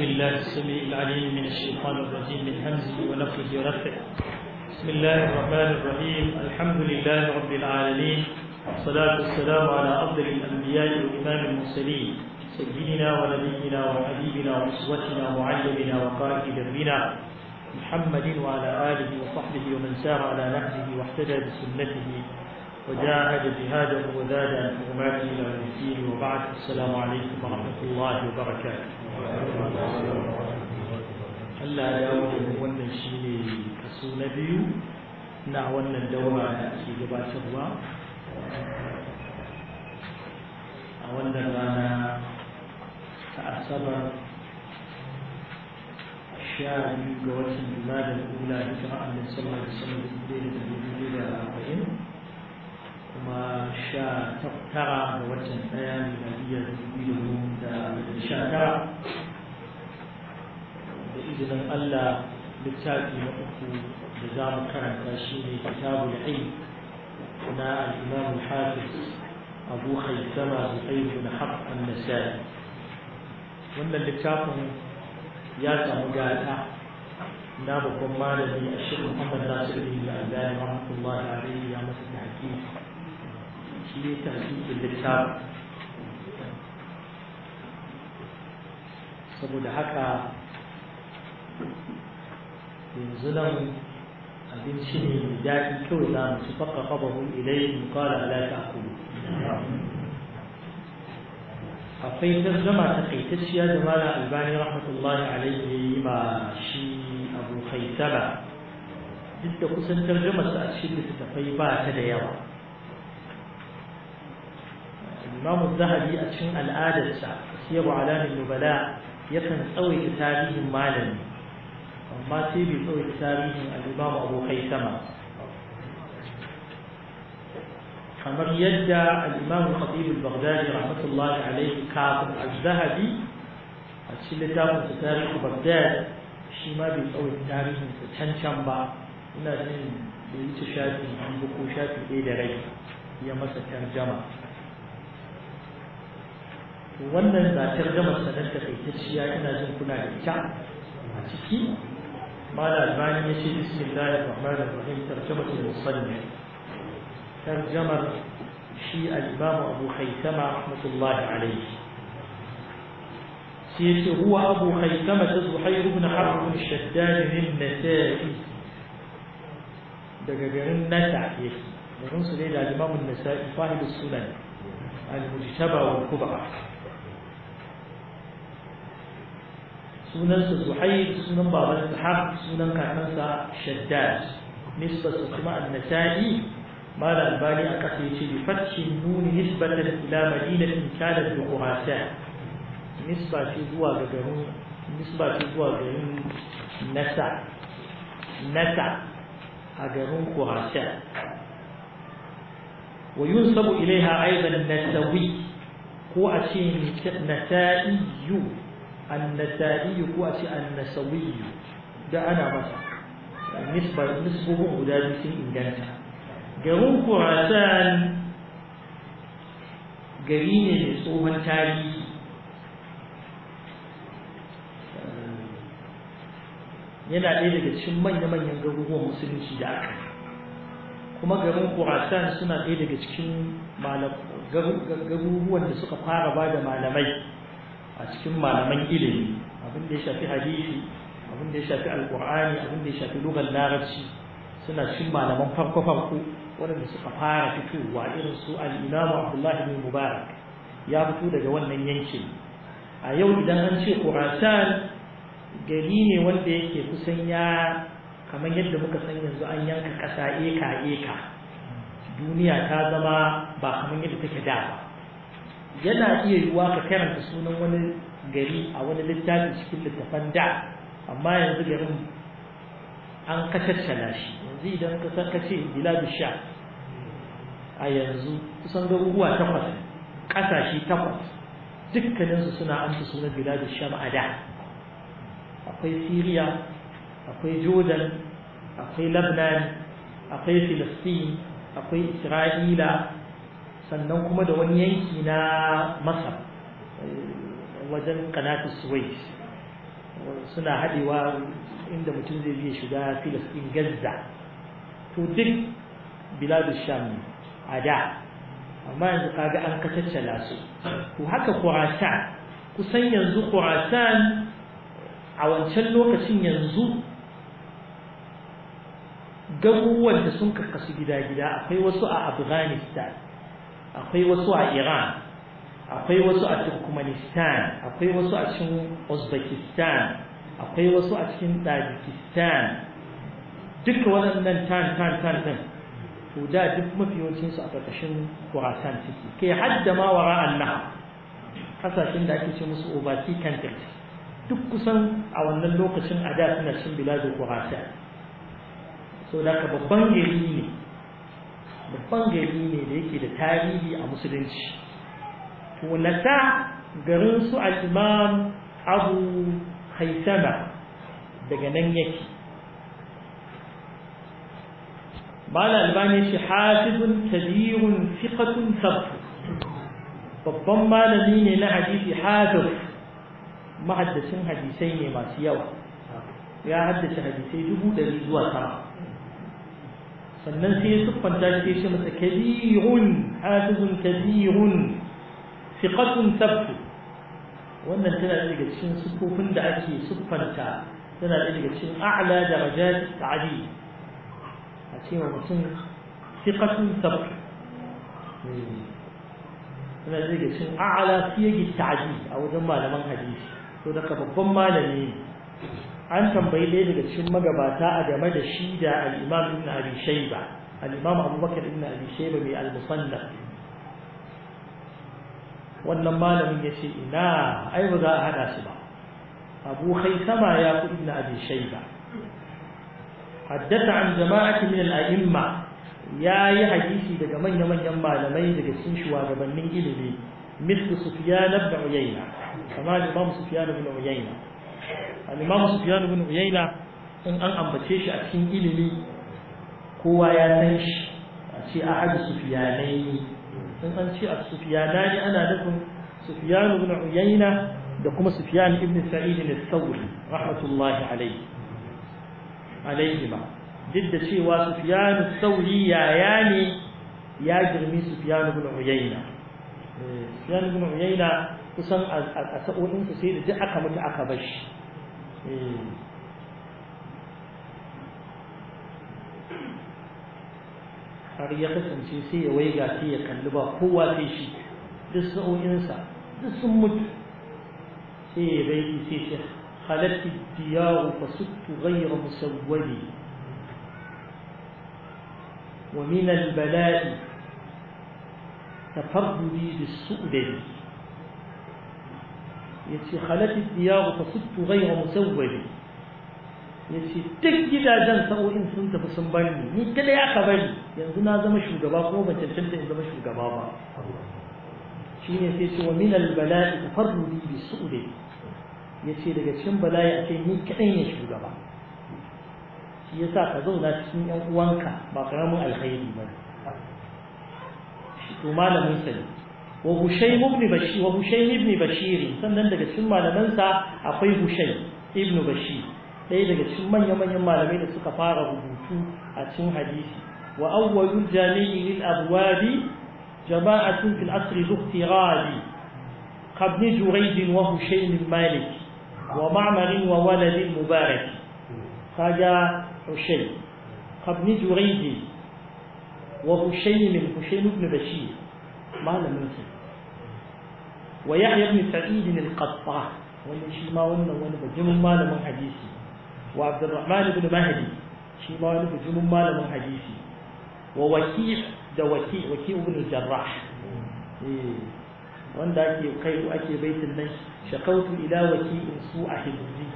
بالله السميع العليم من الشيطان الرجيم من همزه ونفخه ونفخه بسم الله الرحمن الرحيم الحمد لله رب العالمين والصلاة والسلام على أفضل الأنبياء وإمام المرسلين سيدنا ونبينا وحبيبنا وأسوتنا ومعلمنا وقائد دربنا محمد وعلى آله وصحبه ومن سار على نهجه واهتدى بسنته وجاهد جهادا وزاد في الغمات الى المسير وبعد السلام عليكم ورحمه الله وبركاته. هلا يا ولد وانا شيني كسو نبيو نا وانا الدوما في جبا شبوا وانا انا اصبر الشعر يقول في الاولى ان شاء الله سمى بسم الله الدين الدين الدين kuma sha tara ga watan ɗaya miladiyar dubu da sha tara da izinin Allah littafi na uku da za mu karanta shi ne kitabu da na al-imam hafiz abu haitama da tsayi na haƙƙan nasari wannan littafin ya samu gata na babban malami a shirin Muhammad Nasiru da Azali Rahmatullahi Alaihi ya masa da hakiki shi ne tahqiqin littafi saboda haka yanzu nan abinci ne mai daɗi kawai za mu su faka kabahu ilai mu kala ala ta kulu akwai tarjama ta kaitacciya da mala albani rahmatullahi alaihi ma shi abu haitara duk da kusan tarjama a cikin littattafai ba ta da yawa الإمام الذهبي أتشن الآلة سيب علام النبلاء يقن أوي كتابهم مالا وما سيب أوي كتابهم الإمام أبو حيثمة فمن يدى الإمام الخطيب البغدادي رحمة الله عليه كاتب الذهبي أتشن لتابه تاريخ بغداد شما بي أوي كتابهم تتنشن با إلا أن يتشاهدهم عن بقوشات الإيدي غير يا مسكر جمع wannan da targamar sanar da kai ta ciya ina jin kuna da ita a ciki mala albani ya ce bismillahir rahmanir rahim ta musalli tarjamar shi al-imam abu khaytama rahmatullah alayhi shi huwa abu zuhair ibn سيتي هو أبو خيثمة زحير بن garin الشداد من النسائي دقاقرين نسع يكي ونصل إلى الإمام sunan al-mujtaba wal-kubra sunansa سنن sunan babansa سنن sunan شداد نسبة سماء النسائي ما لا البالي أكثر أكثيتي بفتح النون نسبة إلى مدينة كانت بخراسان نسبة في زوا جرون نسبة في زوا جرون نسع نسع أجرون خراسان وينسب إليها أيضا النسوي هو أشين نسائي annasa'i ko a ce annasawi da ana masa nisbuhun guda biyu sun inganta garin kurasan gari ne mai tsohon tarihi yana ɗaya daga cikin manya-manyan garuruwan musulunci da aka kuma garin kurasan suna ɗaya daga cikin garuruwan da suka fara ba da malamai a cikin malaman ilimi abin da ya shafi hadisi abin da ya shafi alkur'ani abin da ya shafi lugar larabci suna cikin malaman farko farko waɗanda suka fara fitowa irin su al-imamu abdullahi bin mubarak ya fito daga wannan yankin a yau idan an ce Khurasan gari ne wanda yake kusan ya kamar yadda muka san yanzu an yanka ƙasa eka eka duniya ta zama ba kamar yadda take da ba yana iya yiwuwa ka karanta sunan wani gari a wani littafin cikin littafan da amma yanzu garin an kacaccala shi yanzu idan ka san kace biladu sha a yanzu kusan garuruwa takwas ƙasashe takwas dukkaninsu suna amsa sunan biladu sha a da akwai Siriya, akwai jordan akwai lebanon akwai filistin akwai isra'ila sannan kuma da wani yanki na masar wajen kanatu suwais suna haɗewa inda mutum zai biya shiga filistin gaza to duk biladu sham a da amma yanzu kaga an kacaccala su to haka kurasan kusan yanzu kurasan a wancan lokacin yanzu garuruwan da sun karkasu gida-gida akwai wasu a afghanistan akwai wasu a iran akwai wasu a turkmenistan akwai wasu a cikin uzbekistan akwai wasu a cikin tajikistan duka waɗannan tan tan tan ɗin to da duk mafiyocinsu a ƙarƙashin kurasan suke kai hadda ma wara annaha kasashen da ake ce musu obaki kantin duk kusan a wannan lokacin a da suna cin biladun kurasan so da ka babban gari ne babban gari ne da yake da tarihi a musulunci tunata garin su al-imam abu haisama daga nan yake bala albani shi hafizun kabirun fiqatun sabtu babban malami ne na hadisi hafiz mahaddacin hadisai ne masu yawa ya haddace hadisai dubu ɗari zuwa sama sannan sai ya siffanta shi ya ce masa kabirun hafizun kabirun fiqatun sabtu wannan tana daga cikin siffofin da ake siffanta tana daga cikin a'la darajat ta'adi a cewa mutum fiqatun sabtu tana daga cikin a'la siyagi ta'adi a wajen malaman hadisi to daga babban malami ne an tambayi dai daga cikin magabata a game da shi da al-imam ibn abi shayba al-imam Abu abubakar ibn abi shayba mai al-musannaf wannan malamin yace ina ai ba za a hada shi ba abu sama ya ku ibn abi shayba haddatha an jama'ati min al-a'imma yayi hadisi daga manya-manyan malamai daga cikin shugabannin ilimi mithlu Sufyan ibn Uyayna kamar Imam Sufyan ibn Uyayna al-imam sufyan ibn uyayna in an ambace shi a cikin ilimi kowa ya san shi a ce ahad sufyanai in an ce as-sufyanani ana nufin sufyan ibn uyayna da kuma sufyan ibn sa'id al-thawri rahmatullahi alayhi alayhima duk da cewa sufyan al-thawri yaya ne ya girmi sufyan ibn uyayna eh, sufyan ibn uyayna kusan a sa'o'in sai da duk aka mutu aka bar shi har ya kasance sai ya waiga sai ya kalli ba kowa sai shi duk sa'o'insa duk sun mutu sai ya baiki sai ce halatti diyaru fa suttu ghayra musawwali wa min al-bala'i tafaddudi bis-su'dani yace halatu diyaru fa sittu ghayra musawwali yace duk gidajen sa'o'in sun tafi sun bar ni ni kada ya ka bari yanzu na zama shugaba kuma ban cancanta in zama shugaba ba shine sai su wa min al-bala'i farru bi su'udi yace daga cikin bala'i akai ni kadan ya shugaba shi yasa ka zauna cikin yan uwanka ba karamin alkhairi ba to malamin sani wa Hushaym ibn Bashir wa Hushaym ibn Bashir sannan daga cikin malamansa akwai Hushaym ibn Bashir ɗaya daga cikin manyan manyan malamai da suka fara rubutu a cikin hadisi wa awwalul jami'i lil abwabi jama'atun fil asri zuhtirabi kabni Jurayd wa Hushaym Malik wa Ma'mar wa walad Mubarak kaga Hushaym kabni Jurayd wa Hushaym Hushaym ibn Bashir malamin sa wa ya ibn sa'id al-qatta wani shi ma wannan wani bijimin malamin hadisi wa abdurrahman ibn mahdi shi ma wani bijimin malamin hadisi wa waki' da waki' waki' ibn jarrah eh, wanda ake kai ake baitin nan shakautu ila waki'in su'a hibzi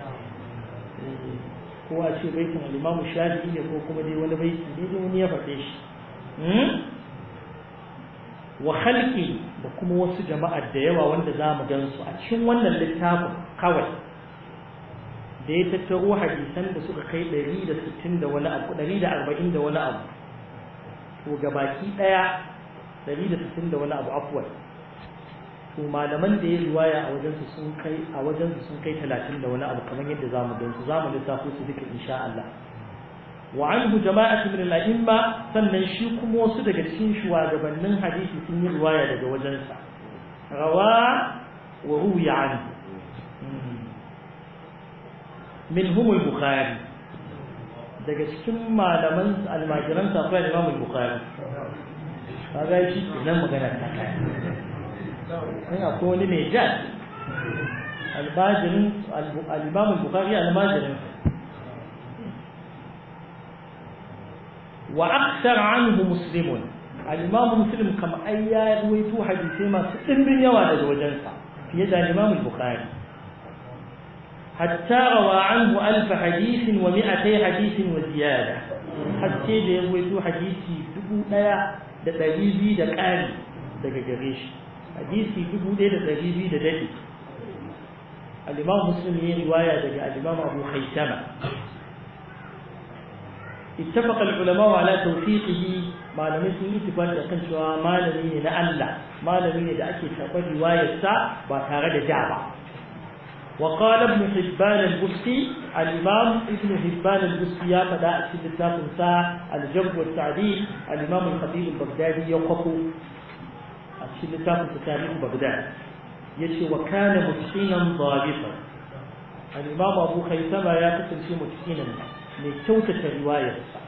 eh, ko a ce baitin al-imam shafi'i ne ko kuma dai wani baiti ne wani ya faɗe shi hmm? wa khalqi da kuma wasu jama'ar da yawa wanda za mu gansu a cikin wannan littafin kawai da ya tattaro hadisan da suka kai 160 da wani abu 140 da wani abu to ga baki daya 160 da wani abu afwan to malaman da ya riwaya a wajen su sun kai a wajen su sun kai 30 da wani abu kamar yadda za zamu gan su zamu lissafo su duka insha Allah wa an hu jama'atu min al-a'imma sannan shi kuma wasu daga cikin shugabannin hadisi sun yi riwaya daga wajen sa rawa wa hu ya'ani hmm. minhum al-bukhari daga cikin malaman almajiran sa fa imam al-bukhari kaga shi nan magana ta kai ina ko ne mai jaz al-bajin al-imam al-bukhari al-majiran وأكثر عنه مسلم الإمام مسلم كما أي رويتو حديثي ما سئل من يوالد وجنسا في يد الإمام البخاري حتى روى عنه ألف حديث ومئتي حديث وزيادة حتى يرويتو حديثي دبو لا دقليبي دقالي دقجريش حديثي دبو لا دقليبي دقالي الإمام مسلم هي رواية الإمام أبو خيثمة اتفق العلماء على توثيقه ما لم يكن اتفاق لكن شواء ما لم ينا ألا ما لم ينا دعكي تقضي وايسا باتارد جعبا وقال ابن حبان البسطي الإمام ابن حبان البسطي يقضى أسد الثلاث نساء الجب والتعديل الإمام الخطيب البغدادي يوقف أسد الثلاث نساء تاريخ بغداد يشي وكان مسكينا ضابطا الإمام أبو خيثما يقتل في مسكينا mai kyautata riwayarsa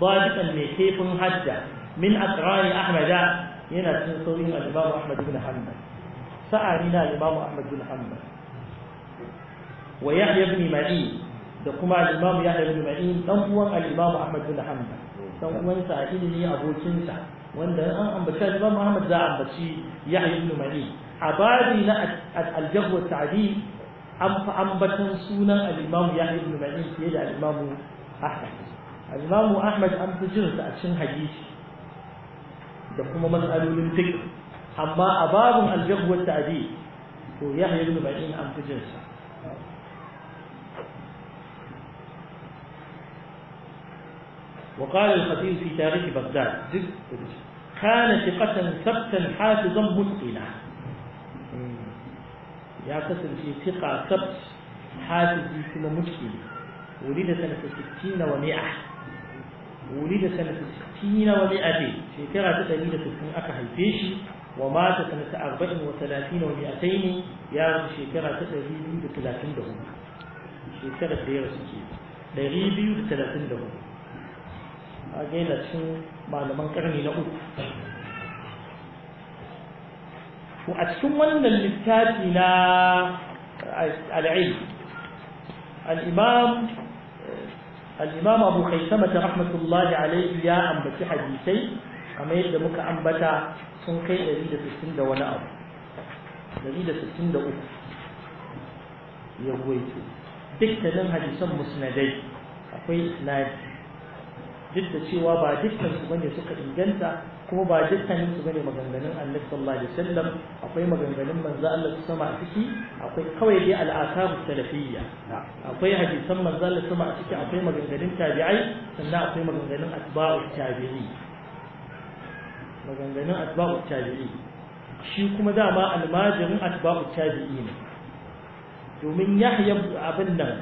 bajikan mai kaifin hajja min asrari ahmada yana cikin sauyin al-imamu ahmad ibn hanbal sa'ari na al-imamu ahmad ibn hanbal wa yahya ibn ma'in da kuma al-imamu yahya ibn ma'in dan uwan al-imamu ahmad ibn hanbal dan uwan sa ilimi abokin sa wanda an ambaci al-imamu ahmad za a ambaci yahya ibn ma'in a babi na al-jahl ta'dil an fa ambatan sunan al-imamu yahya ibn ma'in fiye da al-imamu الإمام أحمد أم تجر تأتشن حديث دقم مسألة للفكر أما أباب الجغ والتأديب هو يحيى بن بعين وقال الخطيب في تاريخ بغداد كان ثقة ثبتا حافظا متقنا يا في ثقة ثبت حافظ كما مسلم ولد سنة ستين ومئة ولد سنة ستين ومئتين شكرا تتليد ستين أكا هيفيشي ومات سنة أربع وثلاثين ومئتين يا شكرا تتليد ثلاثين دهم شكرا تتليد ستين دريبي ثلاثين دهم أجينا شن معلمان قرني لأوف وأتشم ولن اللتات إلى العلم الإمام al-imam abu qaisama rahmatullahi alayhi ya ambaci hadisai kamar yadda muka ambata sun kai 160 da wani abu 163 ya gwaito dukkanin hadisan musnadai akwai isnadi duk da cewa ba dukkan su bane suka inganta kuma ba dukkan su bane maganganun Annabi sallallahu alaihi wasallam akwai maganganun manzo Allah sama a ciki akwai kawai dai al'akamu salafiyya akwai hadisan manzo Allah sama a ciki akwai maganganun tabi'ai sannan akwai maganganun atba'u tabi'i maganganun atba'u tabi'i shi kuma dama almajirin atba'u tabi'i ne domin Yahya abin nan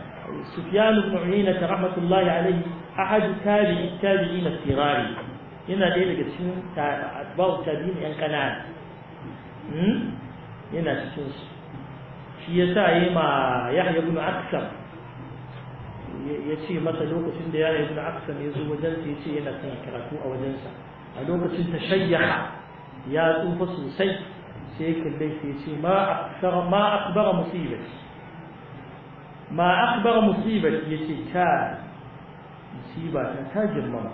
Sufyan ibn Uyayna rahmatullahi alaihi ahadu tabi'i tabi'i na sirari yana ɗaya daga cikin atba'u tabi'in yan kanana yana cikin su shi ya sa yi ma ya ibn aksam ya ce masa lokacin da yahya na aksam ya zo wajen ya ce yana son karatu a wajensa a lokacin ta shayyaha ya tsufa sosai sai ya kalle shi ya ce ma ma akbara musibati ma akbara musibati ya ce ta musiba ta ta girmama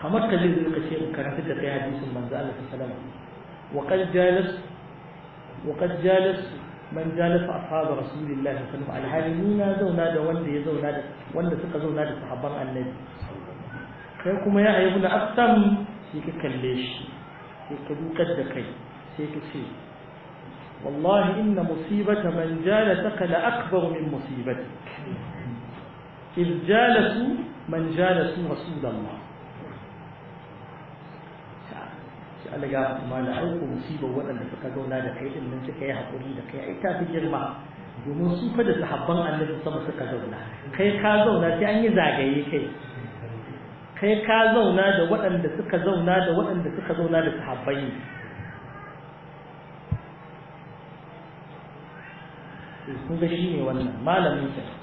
kamar ka zai ka ce karanta da kai hadisin manzo Allah sallallahu alaihi wasallam jalas wa qad jalas man jalasa ashab rasulillahi sallallahu alaihi wasallam alhali na zauna da wanda ya zauna da wanda suka zauna da sahabban annabi kai kuma ya ayyuna aftam sai ka kalle shi sai ka dukar da kai sai ka ce wallahi inna musibata man jalataka la akbar min musibatik iljalasu man jalasu rasulullah رسول الله Allah ya mala aiko musiba waɗanda suka zauna da kai din nan suka yi haƙuri da kai ai ta fi girma domin su fa da sahabban annabi sama suka zauna kai ka zauna sai an yi zagaye kai kai ka zauna da waɗanda suka zauna da waɗanda suka zauna da sahabbai Sun ga shi ne wannan malamin kenan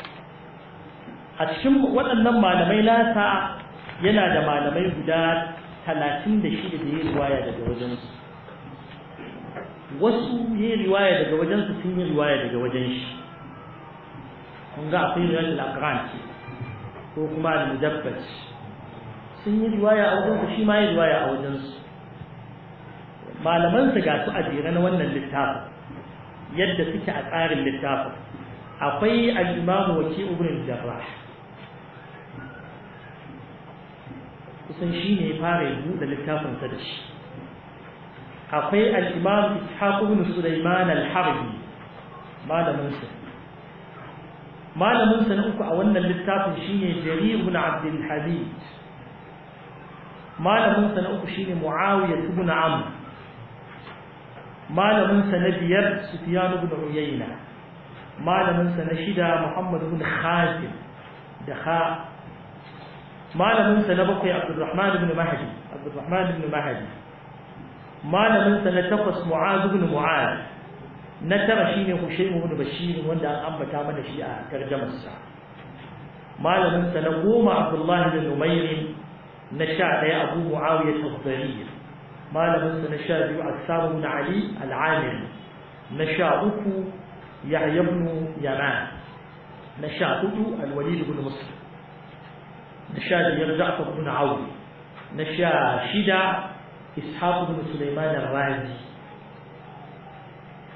a cikin waɗannan malamai nasa yana da malamai guda talatin da shida da ya riwaya daga wajensu wasu ya riwaya daga wajensu sun yi riwaya daga wajen shi kun ga akwai riwayar al-aqran ko kuma da mujabbaj sun yi riwaya a wajensu shi ma ya riwaya a wajensu Malamansa su ga su a jere na wannan littafin yadda suke a tsarin littafin akwai al-imam ke ibn al-jarrah kusan shi ne fara ya buɗe littafinsa da shi akwai al'imam ishaq ibn sulaiman al-harbi malaminsa malaminsa na uku a wannan littafin shine jarir ibn abdul habib malaminsa na uku shine muawiya ibn amr malaminsa na biyar sufyan ibn uyayna malaminsa na shida muhammad ibn khatim da kha ما لم ينسى سنبقي عبد الرحمن بن مهدي عبد الرحمن بن مهدي مالمن سنتقص معاذ بن معاذ نترى شيني هشيم بن بشير وندى أنبتا من الشيعة ترجم الساعة ما لم ينسى سنقوم عبد الله بن نمير نشاء يا أبو معاوية الضرير مالمن سنشاء يعثار بن علي العامل نشاؤك يا ابن يمان نشاؤك الوليد بن مصر نشاد بن جعفر بن عوف نشاشدا إسحاق بن سليمان الرازي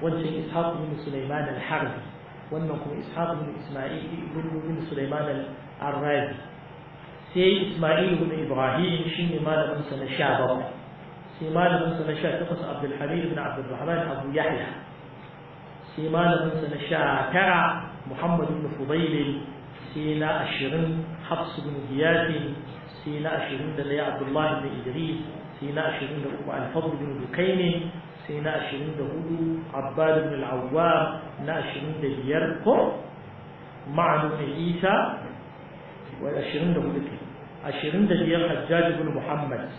وجه إسحاق بن سليمان الحربي ونقوم إسحاق بن إسماعيل بن, بن سليمان الرازي سي إسماعيل بن إبراهيم شن مال بن سنشاب سيمان بن سنشا تقص عبد الحميد بن عبد الرحمن أبو يحيى مال بن سنشا ترى محمد بن فضيل سينا الشرين حفص بن غياث سينا أشهرون دلي عبد الله بن إدريس سينا أشهرون دلي الفضل بن بكين سينا أشهرون دلي عباد بن العوام نا أشهرون دلي يركو مع بن عيسى والأشهرون دلي أشهرون دلي حجاج بن محمد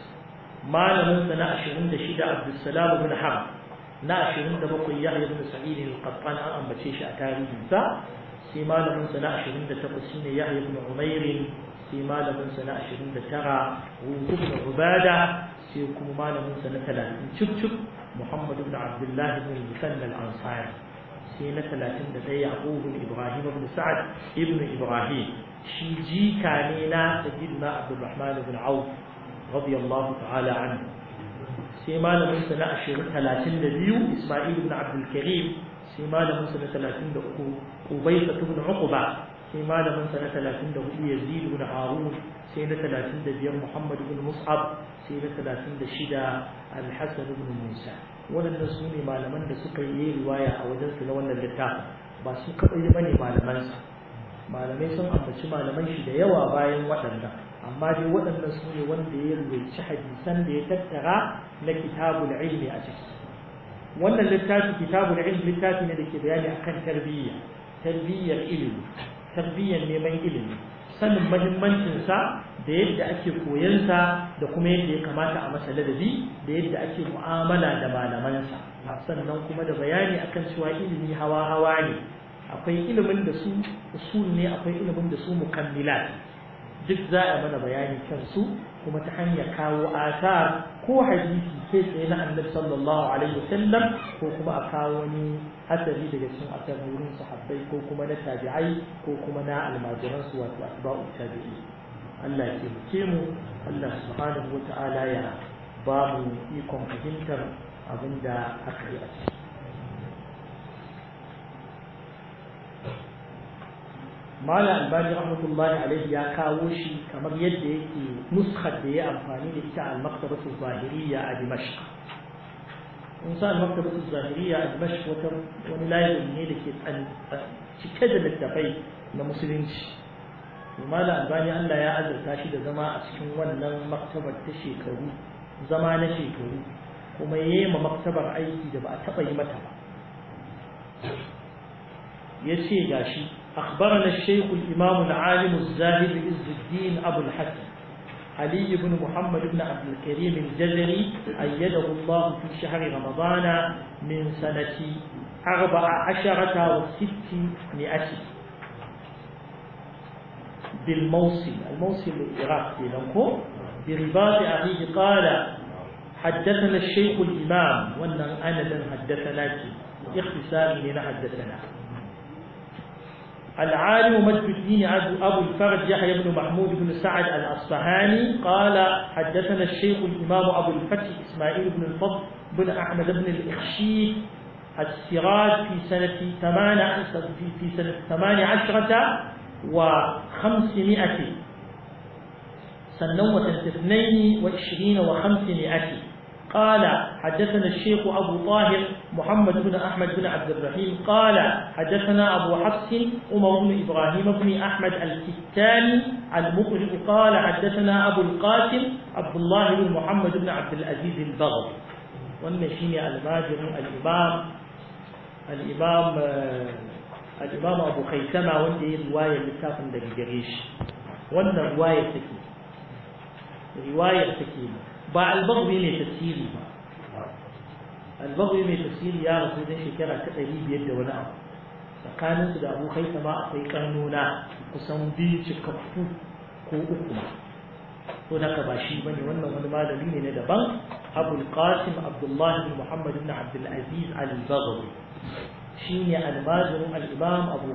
ما لمنت نا أشهرون دشيد عبد السلام بن حمد نا أشهرون دلي يحيى بن سعيد القطان أم بشيش أتاري sai malamin sa na 28 shine Yahya ibn Umair sai malamin sa na 29 Ruhu ibn Ubada sai kuma malamin na 30 cuk Muhammad ibn Abdullah ibn Musanna al-Ansari sai na 31 Yaqub ibn Ibrahim ibn Sa'ad ibn Ibrahim shi jika ne na Sayyidina Abdurrahman ibn Auf radiyallahu ta'ala anhu sai malamin sa na 20 32 Isma'il ibn sai malamin sa na 33 ubaysa ibn ba sai malamin sa na 34 yazid ibn harun sai na 35 muhammad ibn mus'ab sai na 36 al-hasan ibn musa wannan su ne malaman da suka yi riwaya a wajen su na wannan littafin ba su kadai bane malaman sa malamai sun ambaci malaman shi da yawa bayan waɗannan amma dai waɗannan su ne wanda ya rubuci hadisan da ya tattara na kitabul ilmi a ciki wannan littafi kitabul ilm littafi ne da ke bayani akan tarbiyya tarbiyyar ilimi tarbiyyar neman ilimi sanin mahimmancinsa da yadda ake koyansa da kuma yadda ya kamata a masa ladabi da yadda ake mu'amala da malamansa sannan kuma da bayani akan cewa ilimi hawa-hawa ne akwai ilimin da su usul ne akwai ilimin da su mukammilat duk za a mana bayani kansu kuma ta hanyar kawo asar ko hadisi kai tsaye na annabi sallallahu alaihi wasallam ko kuma a kawo wani asali daga cikin wurin sahabbai ko kuma na tabi'ai ko kuma na almajiran su wato asba'u tabi'i Allah ya taimake mu Allah subhanahu wata'ala ya ba mu ikon fahimtar abinda aka yi a cikin. mala albani rahmatullahi alaihi ya kawo shi kamar yadda yake nuskar da ya amfani da ita al-maktabatu zahiriya a dimashq in sa al-maktabatu zahiriya a dimashq wata wani layin ne da ke cike da littafai na musulunci mala albani Allah ya azurta shi da zama a cikin wannan maktabar ta shekaru zama na shekaru kuma yayi ma maktabar aiki da ba a taɓa yi mata ba yace gashi أخبرنا الشيخ الإمام العالم الزاهد عز الدين أبو الحسن علي بن محمد بن عبد الكريم الجزري أيده الله في شهر رمضان من سنة أربع عشرة مئة بالموصل الموصل العراق لنكو برباط أبيه قال حدثنا الشيخ الإمام وأن أنا حدثناك اختصار لنا حدثنا العالم مجد الدين أبو الفرج يحيى بن محمود بن سعد الأصفهاني قال حدثنا الشيخ الإمام أبو الفتح إسماعيل بن الفضل بن أحمد بن الإخشيد السراج في سنة ثمان في سنة ثمان عشرة وخمسمائة سنوة اثنين وعشرين وخمسمائة قال حدثنا الشيخ أبو طاهر محمد بن أحمد بن عبد الرحيم قال حدثنا أبو حفص أمر بن إبراهيم بن أحمد الكتاني المخرج قال حدثنا أبو القاسم عبد الله بن محمد بن عبد العزيز البغوي والنشيم الماجر الإمام الإمام الإمام أبو خيثمة وندي رواية لتاف دقيقريش وأن رواية تكيم رواية تكيمة ba albaghwi mai tafsiri ba albaghwi mai tafsiri ya rasu da shekara ta ɗari biyar da wani abu tsakanin su da abu kai ma akwai karnona kusan biyu cikakku ko uku ma to ba shi bane wannan wani malami ne na daban abul qasim abdullahi bin muhammad ibn abdul aziz al-baghawi shine almajirin al-imam abu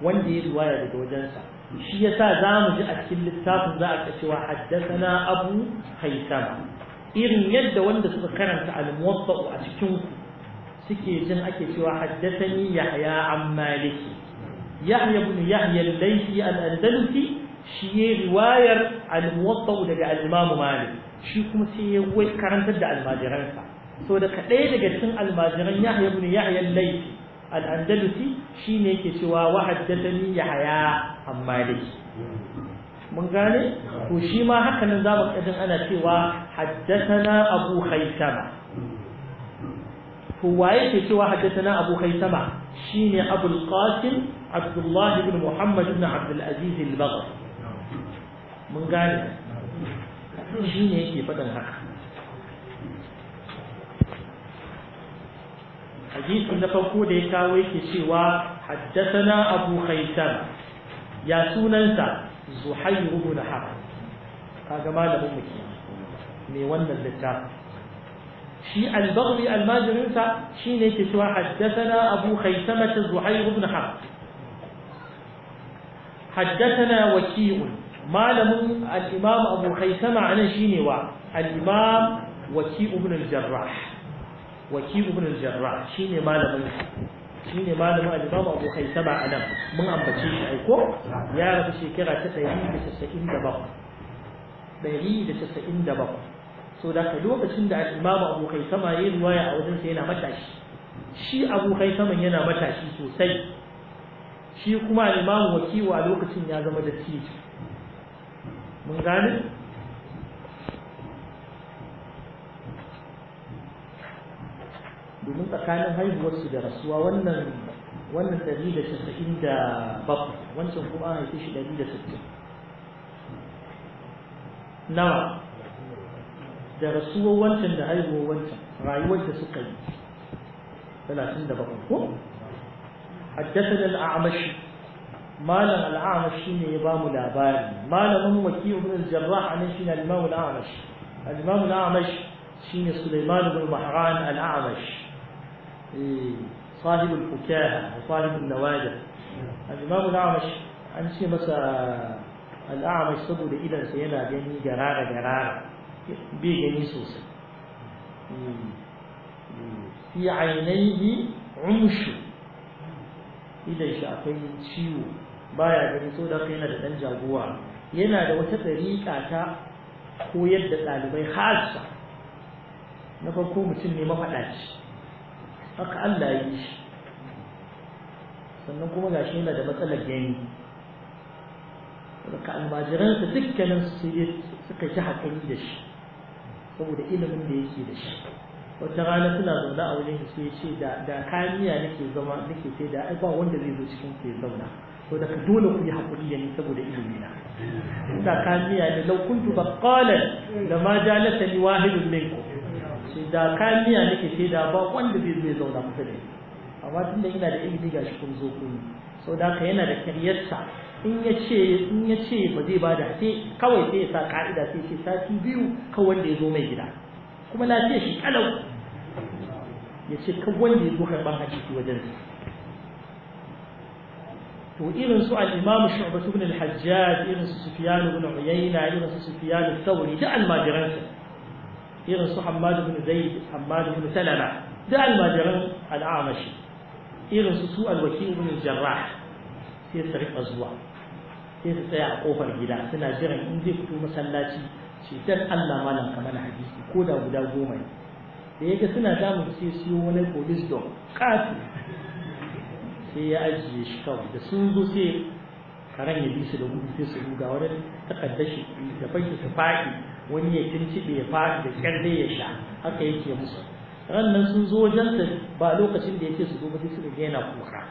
wanda ya riwaya daga wajensa shi yasa za mu ji a cikin littafin za a cewa haddasana abu haisama irin yadda wanda suka karanta al-muwaffaq a cikin suke jin ake cewa haddasani yahya an maliki yahya ibn yahya al-laythi al-andalusi shi ya riwayar al-muwaffaq daga al-imam malik shi kuma sai ya karantar da almajiransa Sau da kadai daga cikin almajiran yahya ibn yahya al-laythi al shi ne ke cewa wa haddathani haya, amma dai mun gane Ko shi ma haka nan zamu kadin ana cewa haddatana abu khaytama Ko waye ke cewa haddatana abu khaytama shi ne qasim abdullah ibn muhammad ibn abd al-aziz al-baghawi mun gane shi ne ke faɗin haka hadisi na farko da ya kawo yake cewa haddathana abu khaisan ya sunanta zuhayr ibn harb kaga malamin mu ke me wannan littafin shi al-baghi al-majrin sa shine yake cewa haddathana abu khaisamah zuhayr ibn harb haddathana waki'un malamin al-imam abu khaisama anan shine wa al-imam waki ibn al-jarrah waki ibn al-jarrah shine malamin shine malamin al-imam Abu Haysama anan mun ambace shi ai ko ya rasu shekara ta 197 197 so da ka lokacin da al-imam Abu Haysama yayin waya a wajen sa yana matashi shi Abu Haysama yana matashi sosai shi kuma al-imam Waki a lokacin ya zama tiji mun gane domin tsakanin haihuwar su da rasuwa wannan wannan ɗari da casa'in da bakwai wancan kuma an haife shi ɗari da sittin nawa da rasuwar wancan da haihuwar wancan rayuwar da suka yi ثلاثين دقيقة حدثنا الأعمش مالا الأعمش شين إمام الأباري مالا من وكيع بن الجراح عن شين الإمام الأعمش الإمام الأعمش شين سليمان بن مهران الأعمش sahibul fukaha da sahibul nawajir al-imamu al-amash an ce masa al-amash saboda yana gani garara garara bai gani sosai fi ainihi umshu idan shi akwai ciwo baya gani so da yana da ɗan jagowa yana da wata dariƙa ta koyar da ɗalibai hasa na farko mutum ne mafaɗaci haka Allah ya yi sannan kuma gashi yana da matsalar gani daga almajiransa dukkanin su suka ji hakari da shi saboda ilimin da yake da shi wata rana suna zaune a wajen su ya ce da kamiya nake zama nake sai da ba wanda zai zo cikin ke zauna so daga dole ku yi hakuri da ni saboda ilimi na ina kamiya ne lau kuntu baqqalan da ma jalatani wahidun minkum da kamiya nake sai da ba wanda zai zai zauna kusa da ni amma tun da ina da ilimi gashi kun zo kun so da haka yana da karyarsa in ya ce in ya ce ba zai bada sai kawai sai ya sa ka'ida sai ce sati biyu kawai wanda ya zo mai gida kuma na lafiya shi kalau ya ce kan wanda ya zo karɓar hadisi wajen to irin su al-Imam Shu'bah ibn al-Hajjaj irin su Sufyan ibn Uyayna irin su Sufyan al-Thawri da almajiransa irin su Hammad ibn Zaid Hammad ibn Salama da almajiran al'amashi irin su su alwaki ibn Jarrah sai su rika zuwa sai su tsaya a kofar gida suna jiran in zai fito masallaci shi dan Allah malam kamar hadisi ko da guda goma ne da yake suna damu sai siyo wani police dog kafi sai ya ajiye shi kawai da sun zo sai karen ya bi su da gudu sai su ruga wani takardar shi da fanki su faɗi wani ya tuntube ya fara da kyar dai ya sha haka yake musu rannan sun zo wajen da ba lokacin da yake su zo ba sai suka ga yana kuka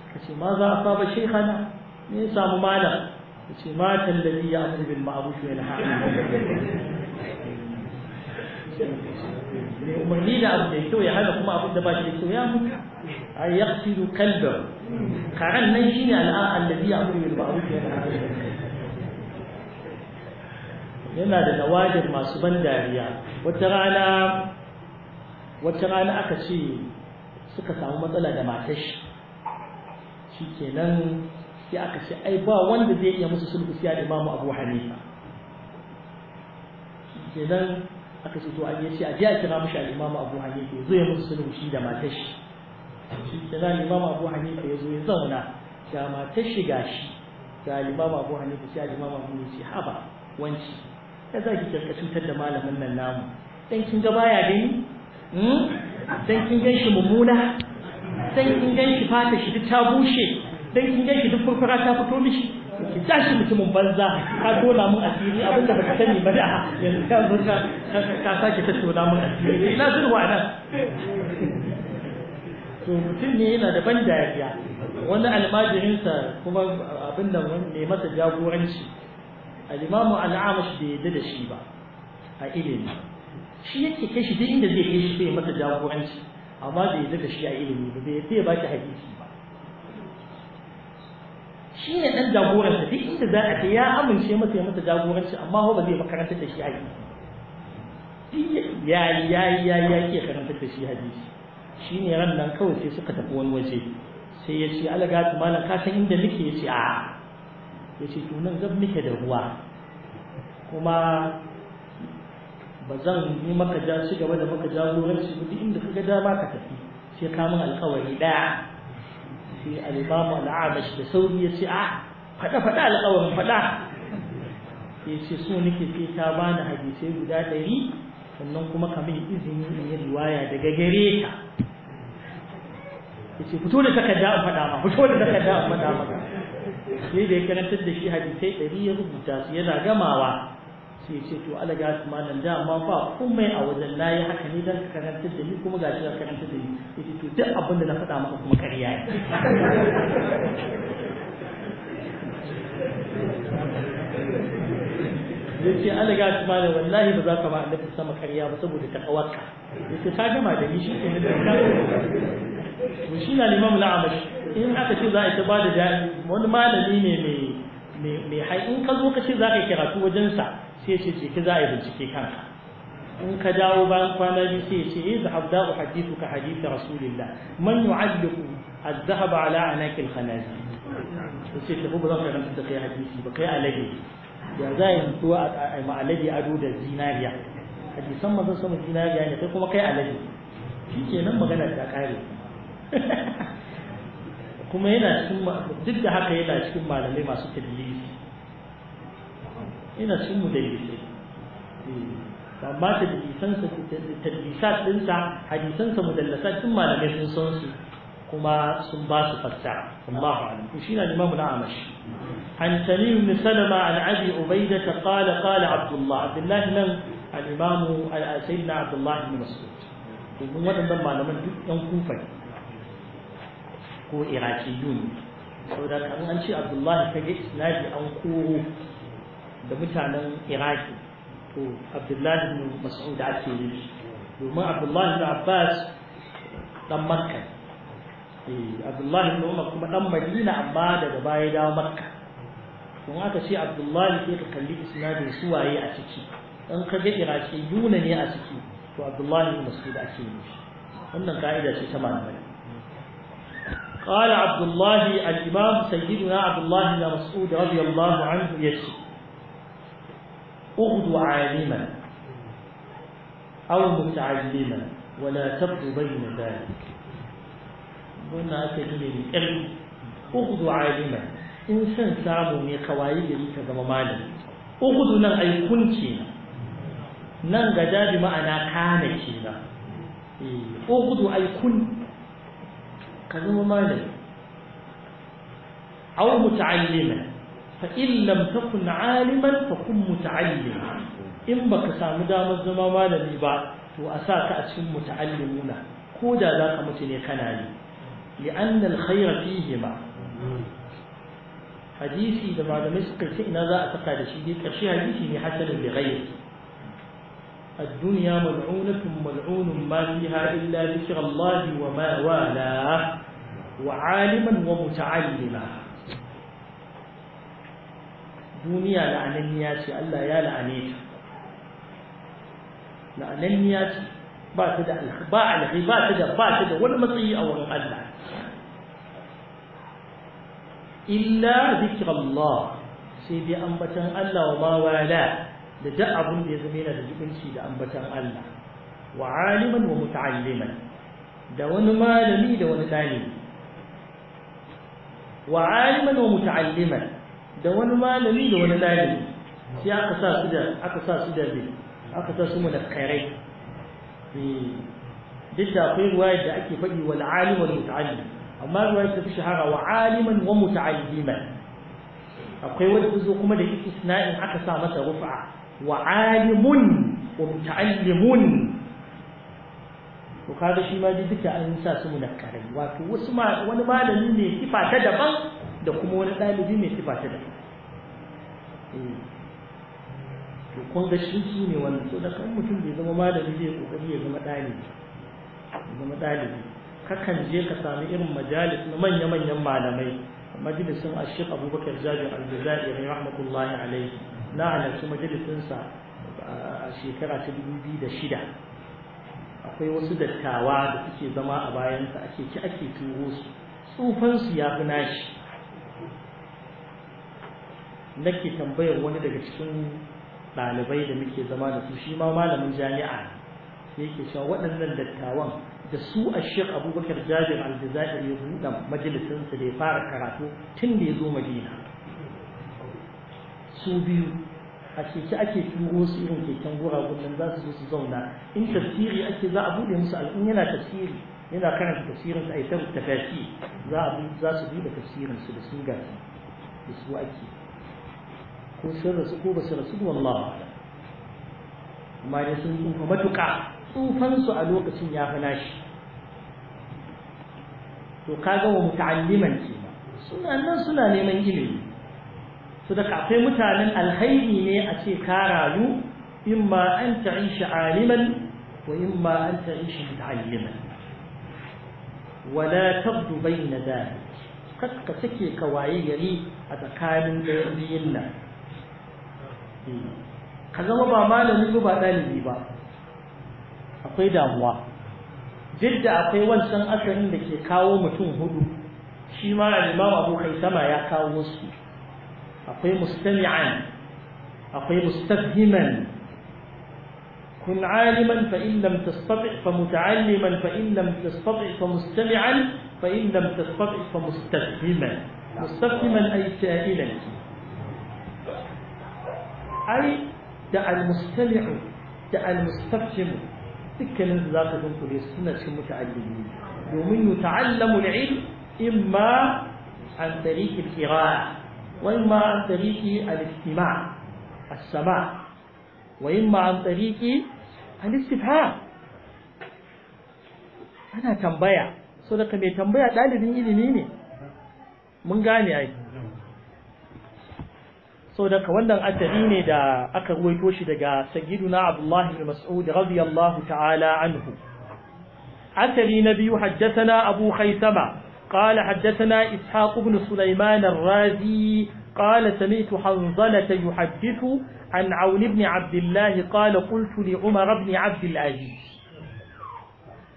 suka ce ma za a saba shi me ya samu malam ya ce ma tallabi ya amur bil ma'ruf wa yanha ne umarni da abu da kyau ya hana kuma abin da ba shi da kyau ya mutu ay yaqtilu qalbahu karan nan shi ne shine al'a allazi ya'muru bil ma'ruf wa yanha yana da nawajin masu ban dariya wata rana wata rana aka ce suka samu matsala da matashi shi shikenan sai aka ce ai ba wanda zai iya musu sulhu siya da Imam Abu Hanifa shikenan aka ce to an shi a jiya kira mushi a imam Abu Hanifa zo ya musu sulhu shi da matashi shi shikenan imamu Abu Hanifa zo ya zauna ga matashi shi gashi ga Imam Abu Hanifa sai Imam Abu Hanifa ce haba wanci ya za ki karka cutar da malamin nan namu dan kin ga baya gani hmm? dan kin gan shi mummuna dan kin gan shi fata shi duk ta bushe dan kin gan shi duk furfura ta fito mishi ki tashi mutumin banza ka dola mun asiri abin da baka sani ba da yanzu ka zo ka ka sake ta tona mun asiri ina zurwa nan to mutum ne yana da ban dariya wani almajirinsa kuma abin da ne masa jagoranci al-imamu al-amash bai yadda da shi ba a ilimi shi yake kai shi duk inda zai kai shi sai masa jagoranci amma bai yadda da shi a ilimi ba bai yadda ba shi hadisi ba shi ne dan jagoransa duk inda za a ya amince masa ya masa jagoranci amma ba zai makarantar da shi a ilimi. ya ya ya ya ke karantar da shi hadisi shi ne ran nan kawai sai suka tafi wani waje sai ya ce alagatu malam ka san inda nake ya ce a'a ya ce tunan zan nike da ruwa kuma ba zan yi maka ja ci gaba da maka zuwa ci duk inda kaga dama ka tafi sai ka min alƙawari ɗaya sai al-imamu al da sauri ya ce a ah, faɗa faɗa alƙawarin faɗa ya ce so nake sai ta bani hadisai guda ɗari sannan kuma ka min izini in yi riwaya daga gare ta ya ce fito da takarda in faɗa ma fito da takarda in faɗa ma sai da ya karantar da shi hadisai ɗari ya rubuta su yana gamawa sai ce to alaga su malam amma ba kuma a wajen na yi haka ne don ka karantar da ni kuma ga shi karantar da ni ya ce to duk abin da na faɗa maka kuma ƙarya ne ya ce alaga su malam wallahi ba za ka ma annabi sama karya ba saboda ta ƙawarka ya ce ta gama da ni shi ke na to shi na limamu na amashi in aka ce za a ta bada da wani malami ne mai mai hai in ka zo ka ce za ka yi karatu wajensa sai ce ce ki za a yi bincike kanka in ka dawo bayan kwana biyu sai ce eh zahab da hadithu ka hadith rasulillah man yu'alliqu الذهب على عناك الخنازير sai tafi ba za ka ranta da kai hadisi ba kai alade ya za yi mutuwa a ma ado da zinariya hadisan mazan sama zinariya ne kai kuma kai alade shi nan magana ta kare kuma yana cikin duk da haka yana cikin malamai masu tadlisi yana cikin mudallisi eh, amma tadlisansa tadlisat dinsa hadisansa mudallasa cikin malamai sun san su kuma sun ba su fassara Allahu a'lam shi na limamu na amash an tani ibn Salama an Abi Ubaida qala qala Abdullah Abdullah nan al Al'asai, al Abdullahi Abdullah ibn Mas'ud to waɗannan malaman duk ɗan kufa ne ko irakiyun saboda kan an ce abdullahi ta kage isnadi an koro da mutanen iraki to abdullahi ibn mas'ud ake yi domin abdullahi na abbas dan makka eh, abdullahi ibn umar kuma dan madina amma daga baya ya dawo makka don aka ce abdullahi sai ka kalli su waye a ciki in ka ga iraki yuna ne a ciki to abdullahi ibn mas'ud ake yi wannan ka'ida ce ta malamai قال عبد الله الإمام سيدنا عبد الله بن مسعود رضي الله عنه يشي اغد عالما أو متعلما ولا تبدو بين ذلك قلنا أكدني العلم اغد عالما إنسان سامو من قوايد كما مالي اغد نن أي كنتينا نن قدا بمعنى كان كينا اغد أي كنت ka zama malami aw muta'allima fa in lam takun aliman fa kun muta'allima in baka samu damar zama malami ba to a sa ka a cikin muta'allimuna ko da za ka mutu ne kana yi li'anna al-khayra fihima hadisi da malamai suka ce ina za a saka da shi dai ƙarshe hadisi ne hasalin da ghairi الدنيا ملعونة ملعون ما فيها إلا ذكر الله وما والاه وعالما ومتعلما دنيا لعنني ياتي ألا يا لعنيك لعنني ياتي باتد الخباع لكي باتد باتد والمطيء والقلع إلا ذكر الله سيدي أنبتن ألا وما والاه da duk abin da ya zama yana da jibinci da ambatan Allah wa aliman wa muta'alliman da wani malami da wani ɗalibi wa aliman wa muta'alliman da wani malami da wani ɗalibi sai aka sa su da aka sa su da bi aka sa su mu da khairai eh, duk da akwai ruwaya da ake faɗi wa alim wal muta'allim amma ruwaya ta fi shahara wa aliman wa muta'alliman akwai wanda zo kuma da isna'in aka sa masa rufa'a. وعالم ومتعلم to kaga shi ma duk an sa su munakkarai wato wasu ma wani malami ne sifa ta daban da kuma wani dalibi ne sifa ta daban eh. to kun ga shi shi ne wannan to da kan mutum bai zama malami zai kokari ya zama dalibi zama dalibi kakan je ka sami irin majalis na manya-manyan malamai majalisin ashik abubakar jabir al-jazairi rahmatullahi alaihi na halarci majalisinsa a shekara ta dubu da shida akwai wasu dattawa da suke zama a bayansa ake ki ake turo su tsufansu ya fi nashi nake tambayar wani daga cikin ɗalibai da muke zama da su shi ma malamin jami'a sai yake cewa waɗannan dattawan da su a shek abubakar jabir aljazair ya buɗe majalisinsa da ya fara karatu tun da ya zo madina su biyu a keke ake turo su irin keken guragun nan za su je su zauna in tafsiri ake za a bude musu al'in yana tafsiri yana karanta tafsirin su a ita tafashi za a za su bude tafsirin su da sun gaci da su ake ko sun rasu ko ba su rasu wallahu amma dai sun tsufa matuƙa tsufan su a lokacin ya fi nashi to kaga wa muta'alliman kenan suna nan suna neman ilimi su da akwai mutanen alhaini ne a ce ka rayu ma an ta'isha aliman wa ma an ta'isha muta'alliman wala tabdu bayna dhalik kaska take ka waye gari a tsakanin ɗayan nan ka zama ba malami ko ba ɗalibi ba akwai damuwa jidda akwai wancan asalin da ke kawo mutum hudu shi ma al abokai sama ya kawo su أقي مستمعا أقي مستفهما كن عالما فإن لم تستطع فمتعلما فإن لم تستطع فمستمعا فإن لم تستطع فمستفهما مستفهما أي سائلا أي دع المستمع دع المستفهم تلك su za السنة المتعلمين suna يتعلم العلم إما عن طريق القراءه وإما عن طريق الاستماع السماع وإما عن طريق الاستفهام أنا تنبيع صدق مي تنبيع تعرف إلي mun gane ai so daga wannan asali ne da aka ruwaito shi daga sayyiduna abdullah ibn mas'ud radiyallahu ta'ala anhu asali na biyu haddathana abu khaisama قال حدثنا إسحاق بن سليمان الرازي قال سمعت حنظلة يحدث عن عون بن عبد الله قال قلت لعمر بن عبد العزيز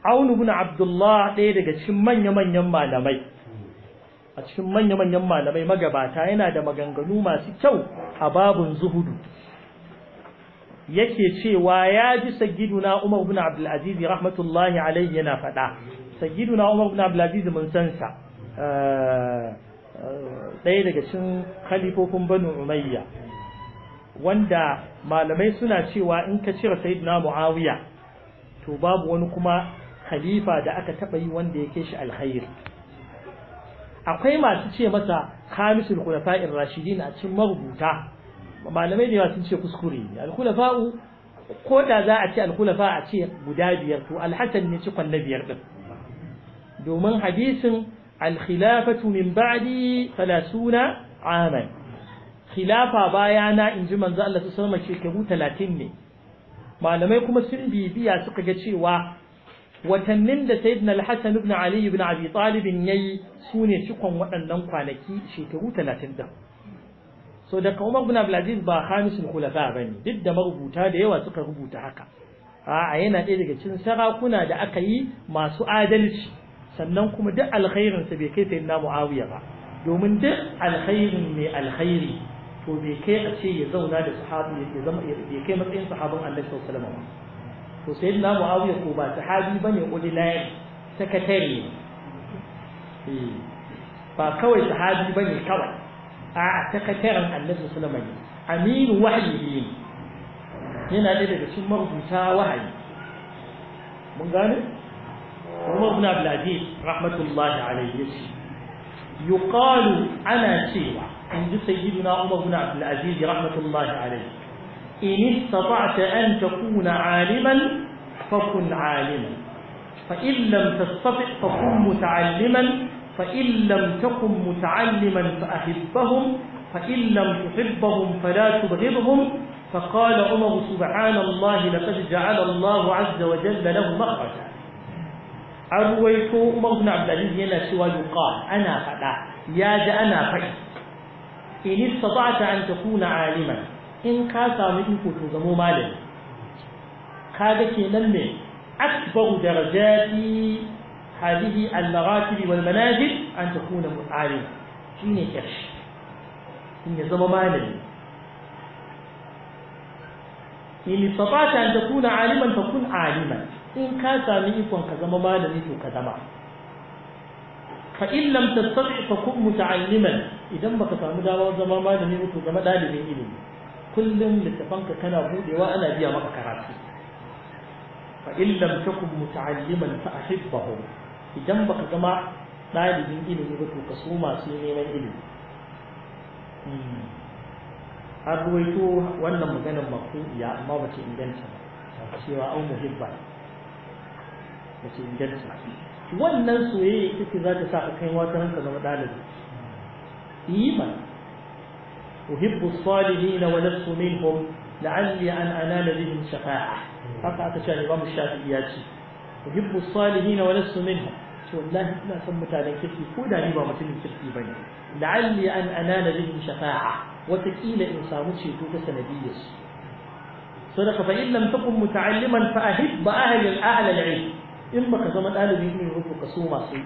عون بن عبد الله ɗaya daga cikin manya-manyan malamai a cikin manya-manyan malamai magabata yana da maganganu masu kyau a babun zuhudu yake cewa ya ji sagiduna Umar bin Abdul Aziz rahmatullahi alaihi yana faɗa sayyiduna Umar ibn Abdul Aziz mun san sa eh, eh, ɗaya daga cikin khalifofin Banu Umayya wanda malamai suna cewa in ka cire sayyiduna Muawiya to babu wani kuma khalifa da aka taɓa yi wanda ya kai shi alkhairi akwai masu ce masa khamisul khulafa'ir rashidin a cikin marubuta malamai da yawa sun ce kuskure ne ko da za a ce al a ce guda biyar to Alhassan ne cikon na biyar din domin hadisin alkhilafatu min ba'di 30 aman khilafa bayana inji ji manzo Allah sallallahu alaihi shekaru 30 ne malamai kuma sun bibiya suka ga cewa watannin da sayyidina al-hasan ibn ali ibn abi talib yayi sune cikon waɗannan kwanaki shekaru 30 da so da kuma ibn abdulaziz ba khamisul khulafa bane duk da marubuta da yawa suka rubuta haka a'a yana ɗaya daga cikin sarakuna da aka yi masu adalci sannan kuma duk alkhairinsa sa bai kai sayyidina muawiya ba domin duk alkhairin mai alkhairi to bai kai a ce ya zauna da sahabu ya zama ya kai matsayin sahabin Allah sallallahu alaihi wasallam to sayyidina muawiya ko ba sahabi bane kuli layin sakatare eh, ba kawai sahabi bane kawai a sakataren Allah sallallahu alaihi wasallam aminu wahyi yana da daga cikin marubuta wahayi mun gane عمر بن عبد العزيز رحمة الله عليه يقال أنا سيوة عند سيدنا عمر بن عبد العزيز رحمة الله عليه إن استطعت أن تكون عالما فكن عالما فإن لم تستطع فكن متعلما فإن لم تكن متعلما فأحبهم فإن لم تحبهم فلا تبغضهم فقال عمر سبحان الله لقد جعل الله عز وجل له مخرجا an ruwaito Umar bin Abdul Aziz yana cewa yuqal ana fada ya ji ana fadi in istata'ta an takuna aliman in ka samu iko to zamo malami kaga kenan me akbaru darajati hadihi al-maratib wal manazil an takuna mu'alim shine kashi in ya zama malami in istata'ta an takuna aliman fakun aliman in ka sami ikon ka zama malami to ka zama fa in lam tastati fa kun muta'alliman idan baka samu dama zama malami to zama dalibin ilimi kullum littafanka kana budewa ana biya maka karatu fa in lam takun muta'alliman fa ahibbahum idan baka zama dalibin ilimi ba to ka so masu neman ilimi hmm. an ruwaito wannan maganar mafi iya amma ba ce inganta ba cewa an muhibba da inganta wannan soyayya ita ce za ta sa ka kai wata ranka zama ɗalibi yi ba uhibbu salihina wa nafsu minhum la'alli an anala bihim shafa'a haka aka ce ne Imam shafi ya ce uhibbu salihina wa nafsu minhum to wallahi ina son mutanen kirki ko da ni ba mutumin kirki bane la'alli an anala bihim shafa'a watakila in samu ceto ta sanadiyyar su sadaka fa in lam takun muta'alliman fa ahibba ahli al-a'la al-'ilm in baka zama dalibi ilimi rufu ka so masu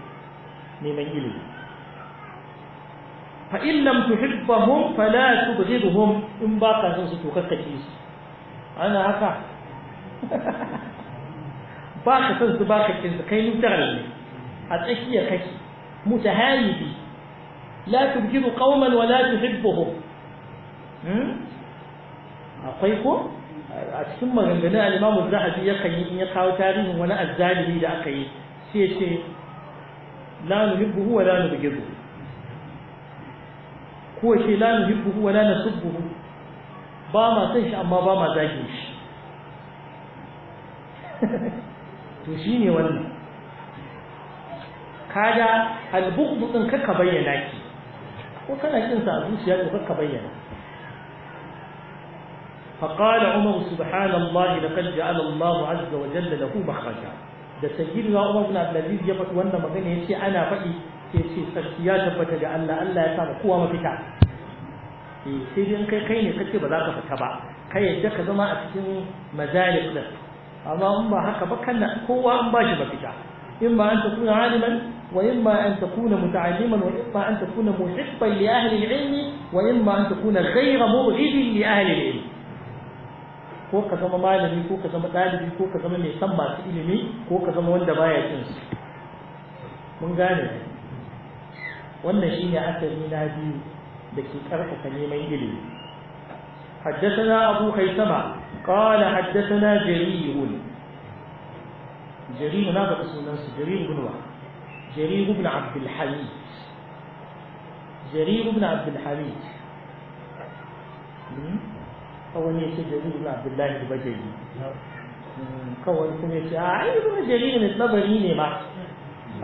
neman ilimi fa in lam tuhibbahum fala tubghidhum in baka san su to kakkace su ana haka ba ka san su ba ka kin su kai mutara ne a tsakiya kake mutahayidi la tubghidu qauman wala la tuhibbuhum akwai ko a cikin maganganun al-Imam Zahabi yakan yi in ya kawo tarihin wani azzalimi da aka yi sai ce la hibbu wa la nubghidu ko shi ce la nuhibbuhu wa la nasubbuhu ba ma san shi amma ba ma zagin shi to shine wannan kaga al-bughd din kaka bayyana ki ko kana kin sa a zuciya ko kaka bayyana فقال عمر سبحان الله لقد جعل الله عز وجل له مخرجا da sayyidina Umar ibn Abdul Aziz ya faɗi wannan magana ya ce ana faɗi sai ce sarki ya tabbata da Allah Allah ya sa kowa mafita eh sai dai kai kai ne kace ba za ka fita ba kai yadda ka zama a cikin mazalis din amma in ba haka ba kana kowa an bashi mafita in ba an takuna aliman wa in ba an takuna muta'alliman wa in ba an takuna muhibban li ahli al-ilm wa in ma an takuna ghayra mughidin li ahli al-ilm ko ka zama malami ko ka zama dalibi ko ka zama mai san masu ilimi ko ka zama wanda baya cin su mun gane wannan shine asali na biyu da ke karfafa neman ilimi حدثنا أبو خيثمة قال حدثنا جرير جرير ماذا اسم الناس جرير بن وهب جرير بن عبد الحميد جرير بن عبد الحميد kawai ya ce na abdullahi bajali kawai kuma ya a ai ibn jarir ne tsabari ne ma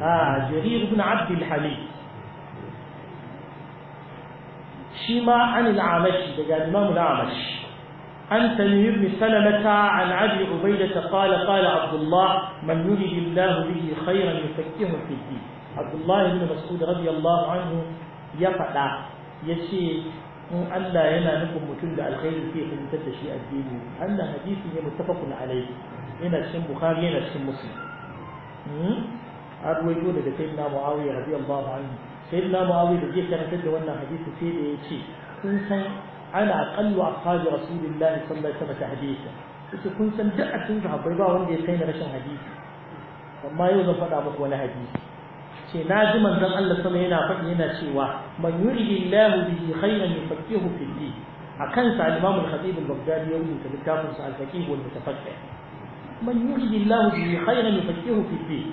a jarir ibn abdul halim shi ma an al-Amashi daga imam al'amashi عن تنوير بن سلمة عن أبي عبيدة قال قال عبد الله من يريد الله به خيرا يفكهه في الدين عبد الله بن مسعود رضي الله عنه يفعل يشي in Allah yana nufin mutum da alkhairi ke fahimtar da shi addini Allah hadisi ne muttafaqun alayhi yana cikin bukhari yana cikin muslim hmm? an ruwaito daga sayyidina muawiya radiyallahu anhu sayyidina muawiya da zai karantar da wannan hadisi sai da ya ce kun san ana aqallu ashabi rasulillahi sallallahu alaihi wasallam hadisi yace kun san duk a cikin sahabbai ba wanda ya kai na rashin hadisi amma yau zan faɗa muku wani hadisi ce na ji manzon Allah sama yana faɗi yana cewa man yuridillahu bihi khayran yufaqihu fi din akan sa al-Imam al-Khatib al-Baghdadi ya rubuta littafin sa al-Faqih wal Mutafaqqih man yuridillahu bihi khayran yufaqihu fi din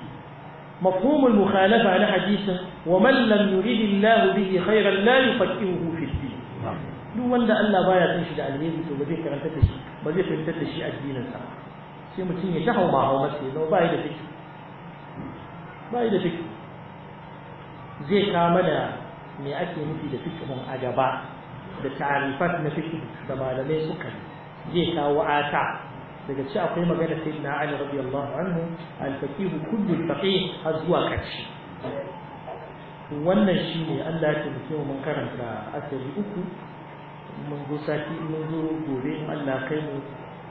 مفهوم المخالفة على حديثه ومن لم يريد الله به خيرا لا يفكره في الدين duk wanda Allah baya son shi da alheri to ba zai karanta da shi ba zai fahimtar da shi addinin sa sai mutum ya ta hauma hauma sai da fiki ba da fiki zai kama da me ake nufi da fikihun a gaba da ta'arifat na fikih da malamai suka zai kawo ata daga ci akwai magana sai na Ali radiyallahu anhu al-faqih kullu faqih har zuwa karshe wannan shine Allah ya tabbata mu mun karanta asali uku mun zo sati mun zo gobe in Allah kai mu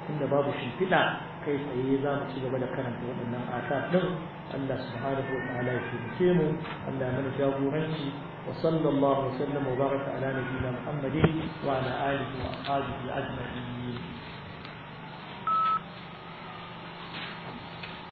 tunda babu shimfiɗa kai tsaye za mu ci gaba da karanta waɗannan asar ɗin Allah subhanahu wa ta'ala ya shirke mu Allah mana jagoranci wa sallallahu wa sallam wa baraka ala nabiyyina Muhammadin wa ala alihi wa ashabihi ajma'in